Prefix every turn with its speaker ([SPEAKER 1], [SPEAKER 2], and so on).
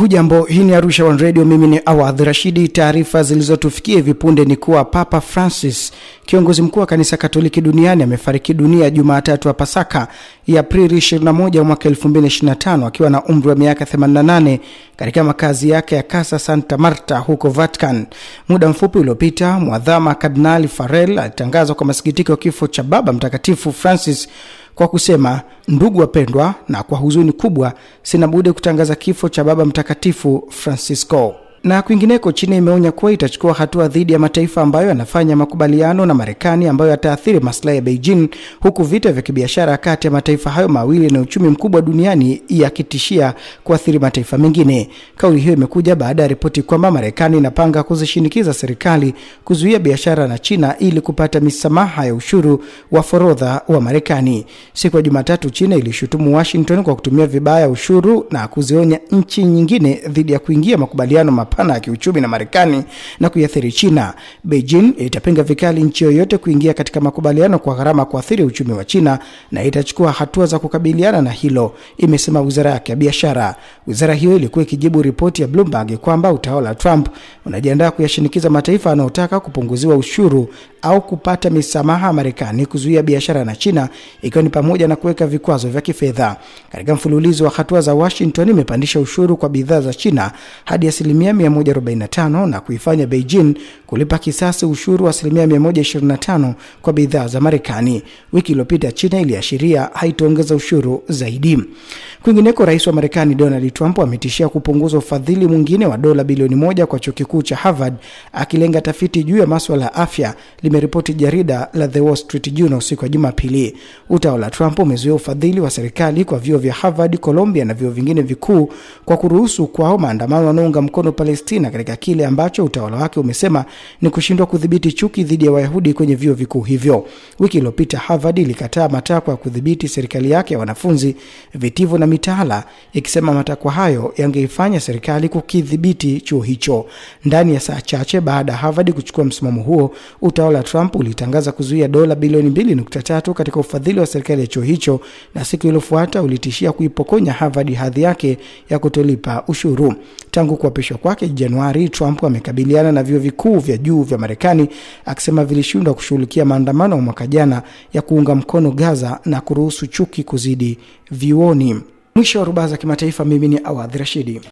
[SPEAKER 1] Hujambo, hii ni Arusha One Radio. Mimi ni Awadh Rashidi. Taarifa zilizotufikia hivi punde ni kuwa Papa Francis, kiongozi mkuu wa kanisa Katoliki duniani, amefariki dunia Jumatatu ya Pasaka ya Aprili 21 mwaka 2025 akiwa na umri wa miaka 88 katika makazi yake ya Casa Santa Marta huko Vatican. Muda mfupi uliopita, mwadhama Kardinali Farrell alitangazwa kwa masikitiko kifo cha Baba Mtakatifu Francis kwa kusema ndugu wapendwa, na kwa huzuni kubwa sina budi kutangaza kifo cha Baba Mtakatifu Francisco. Na kwingineko, China imeonya kuwa itachukua hatua dhidi ya mataifa ambayo yanafanya makubaliano na Marekani ambayo yataathiri maslahi ya Beijing, huku vita vya kibiashara kati ya mataifa hayo mawili na uchumi mkubwa duniani yakitishia kuathiri mataifa mengine. Kauli hiyo imekuja baada ya ripoti kwamba Marekani inapanga kuzishinikiza serikali kuzuia biashara na China ili kupata misamaha ya ushuru wa forodha wa Marekani. Siku ya Jumatatu, China ilishutumu Washington kwa kutumia vibaya ushuru na kuzionya nchi nyingine dhidi ya kuingia makubaliano mapa mapana ya kiuchumi na Marekani na kuiathiri China. Beijing itapinga vikali nchi yoyote kuingia katika makubaliano kwa gharama kuathiri uchumi wa China na itachukua hatua za kukabiliana na hilo, imesema wizara yake ya biashara. Wizara hiyo ilikuwa ikijibu ripoti ya Bloomberg kwamba utawala wa Trump unajiandaa kuyashinikiza mataifa yanayotaka kupunguziwa ushuru au kupata misamaha Marekani kuzuia biashara na China, ikiwa ni pamoja na kuweka vikwazo vya kifedha. Katika mfululizo wa hatua za Washington, imepandisha ushuru kwa bidhaa za China hadi asilimia 145 na kuifanya Beijing kulipa kisasi ushuru wa asilimia 125 kwa bidhaa za Marekani. Wiki iliyopita China iliashiria haitaongeza ushuru zaidi. Kwingineko, rais wa Marekani Donald Trump ametishia kupunguza ufadhili mwingine wa dola bilioni moja kwa chuo kikuu cha Harvard, akilenga tafiti juu ya masuala ya afya lime limeripoti jarida la The Wall Street Journal siku ya Jumapili. Utawala wa Trump umezuia ufadhili wa serikali kwa vyuo vya Harvard, Columbia na vyuo vingine vikuu kwa kuruhusu kwao maandamano wanaunga mkono Palestina katika kile ambacho utawala wake umesema ni kushindwa kudhibiti chuki dhidi ya Wayahudi kwenye vyuo vikuu hivyo. Wiki iliyopita Harvard ilikataa matakwa ya kudhibiti serikali yake ya wanafunzi, vitivo na mitaala, ikisema matakwa hayo yangeifanya serikali kukidhibiti chuo hicho. Ndani ya saa chache baada ya Harvard kuchukua msimamo huo, utawala Trump ulitangaza kuzuia dola bilioni 2.3 katika ufadhili wa serikali ya chuo hicho, na siku iliyofuata ulitishia kuipokonya Harvard hadhi yake ya kutolipa ushuru. Tangu kuapishwa kwake Januari, Trump amekabiliana na vyuo vikuu vya juu vya Marekani akisema vilishindwa kushughulikia maandamano ya mwaka jana ya kuunga mkono Gaza na kuruhusu chuki kuzidi vyuoni. Mwisho wa rubaa za kimataifa. Mimi ni Awadhi Rashidi.